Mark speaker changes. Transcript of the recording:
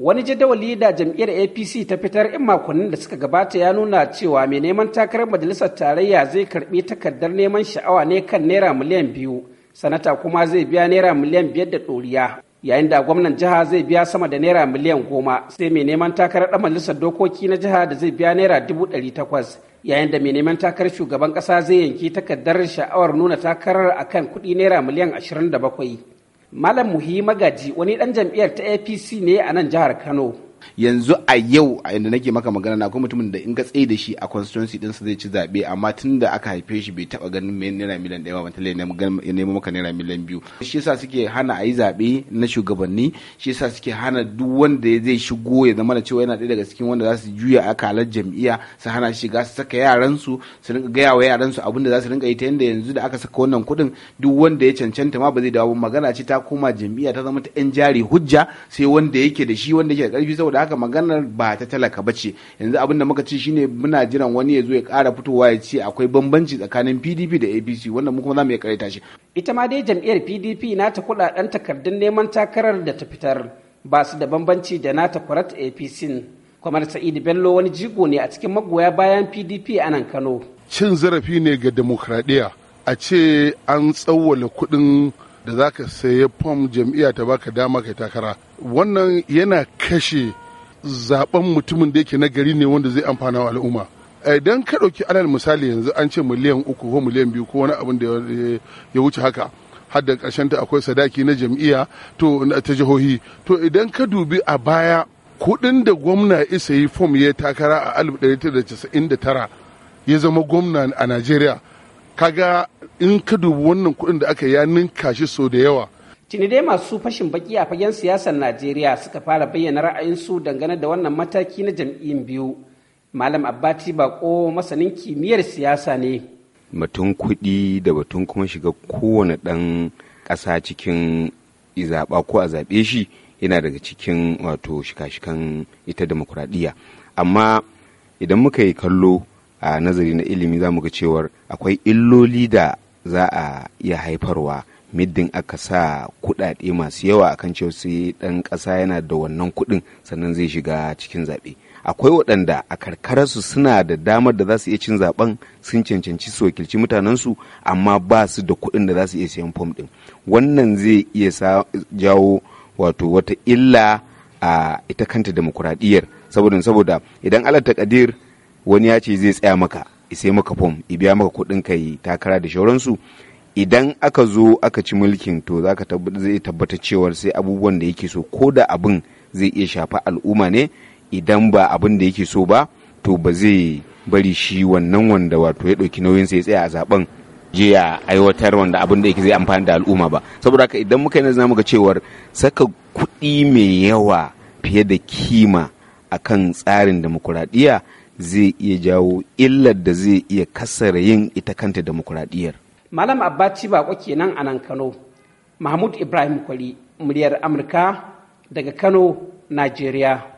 Speaker 1: wani jadawali da jam'iyyar apc ta fitar in makonnin da suka gabata ya nuna cewa mai neman takarar majalisar tarayya zai karbi takardar neman sha'awa ne kan naira miliyan biyu sanata kuma zai biya naira miliyan biyar da ɗoriya yayin da gwamnan jiha zai biya sama da naira miliyan goma sai mai neman takarar ɗan majalisar dokoki na jiha da zai biya naira dubu ɗari takwas yayin da mai neman takarar shugaban ƙasa zai yanki takardar sha'awar nuna takarar akan kuɗi naira miliyan ashirin da bakwai Malam Muhi Magaji wani ɗan jam'iyyar ta APC ne a nan jihar Kano. yanzu a yau a inda nake maka magana na akwai mutumin da in ka tsaye da shi a constituency
Speaker 2: din su zai ci zabe amma tun da aka haife shi bai taba ganin me naira miliyan ɗaya ba tale ya nemo maka naira miliyan biyu shi yasa suke hana a yi zaɓe na shugabanni shi yasa suke hana duk wanda zai shigo ya zama da cewa yana ɗaya daga cikin wanda za su juya akalar jam'iyya su hana shiga su saka yaransu su rinka gaya wa yaransu abin da za su rinka yi ta yanda yanzu da aka saka wannan kuɗin duk wanda ya cancanta ma ba zai dawo magana ce ta koma jam'iyya ta zama ta 'yan jari hujja sai wanda yake da shi wanda yake da ƙarfi saboda haka maganar ba ta talaka ba ce yanzu abin da muka ci shine muna jiran wani ya zo ya
Speaker 1: ƙara fitowa ya ce akwai bambanci tsakanin PDP da APC wanda mu kuma za mu iya ta shi ita ma dai jam'iyyar PDP na ta kudaden takardun neman takarar da ta fitar ba su da bambanci da na ta kwarat APC kamar Sa'id Bello wani jigo ne a cikin magoya bayan PDP a nan
Speaker 3: Kano cin zarafi ne ga demokradiyya a ce an tsawwala kuɗin da za ka sayi fom jam'iyya ta baka dama kai takara wannan yana kashe zaben mutumin da yake nagari ne wanda zai amfana wa al'umma idan ka ɗauki alal misali yanzu an ce miliyan uku ko miliyan biyu ko wani abin da ya wuce haka har da ƙarshen ta akwai sadaki na jam'iyya to ta jihohi to idan ka dubi a baya kuɗin da gwamna isa yi fom ya takara a 1999 ya zama gwamna a najeriya kaga in ka dubi wannan kuɗin da aka ya ninka shi sau da yawa
Speaker 1: tuni dai masu fashin baki a fagen siyasar najeriya suka fara bayyana ra'ayinsu dangane da wannan mataki na jam'iyyun biyu malam abbati bako masanin kimiyyar siyasa ne
Speaker 4: batun kuɗi da batun kuma shiga kowane ɗan ƙasa cikin zaba ko a zaɓe shi yana daga cikin wato shika-shikan ita demokuraɗiyya amma idan muka yi kallo a nazari na ilimi za mu ga cewar akwai illoli da za a iya haifarwa middin aka sa kudade masu yawa akan cewa sai dan kasa yana da wannan kudin sannan zai shiga cikin zaɓe akwai waɗanda a karkararsu suna da damar da za su iya cin zaben sun cancanci su wakilci mutanensu amma ba su da kuɗin da za su iya sayan fom ɗin wannan zai iya jawo wato wata illa a ita kanta demokuraɗiyyar saboda saboda idan alal takadir wani ya ce zai tsaya maka sai maka fom i biya maka kuɗin kai takara da shauransu idan aka zo aka ci mulkin to za ka zai tabbata cewar sai abubuwan da yake so ko da abin zai iya shafa al'umma ne idan ba abin da yake so ba to ba zai bari shi wannan wanda wato ya ɗauki nauyin sai ya tsaya a zaben je ya aiwatar wanda abin da yake zai amfani da al'umma ba saboda haka idan muka yi muka cewar saka kuɗi mai yawa fiye da kima akan tsarin demokuraɗiyya zai iya jawo illar da zai iya kasara yin ita kanta demokuraɗiyyar.
Speaker 1: Malam Abbaci Bako kenan a nan Kano, Mahmud Ibrahim Kwari, muryar Amurka daga Kano, Najeriya.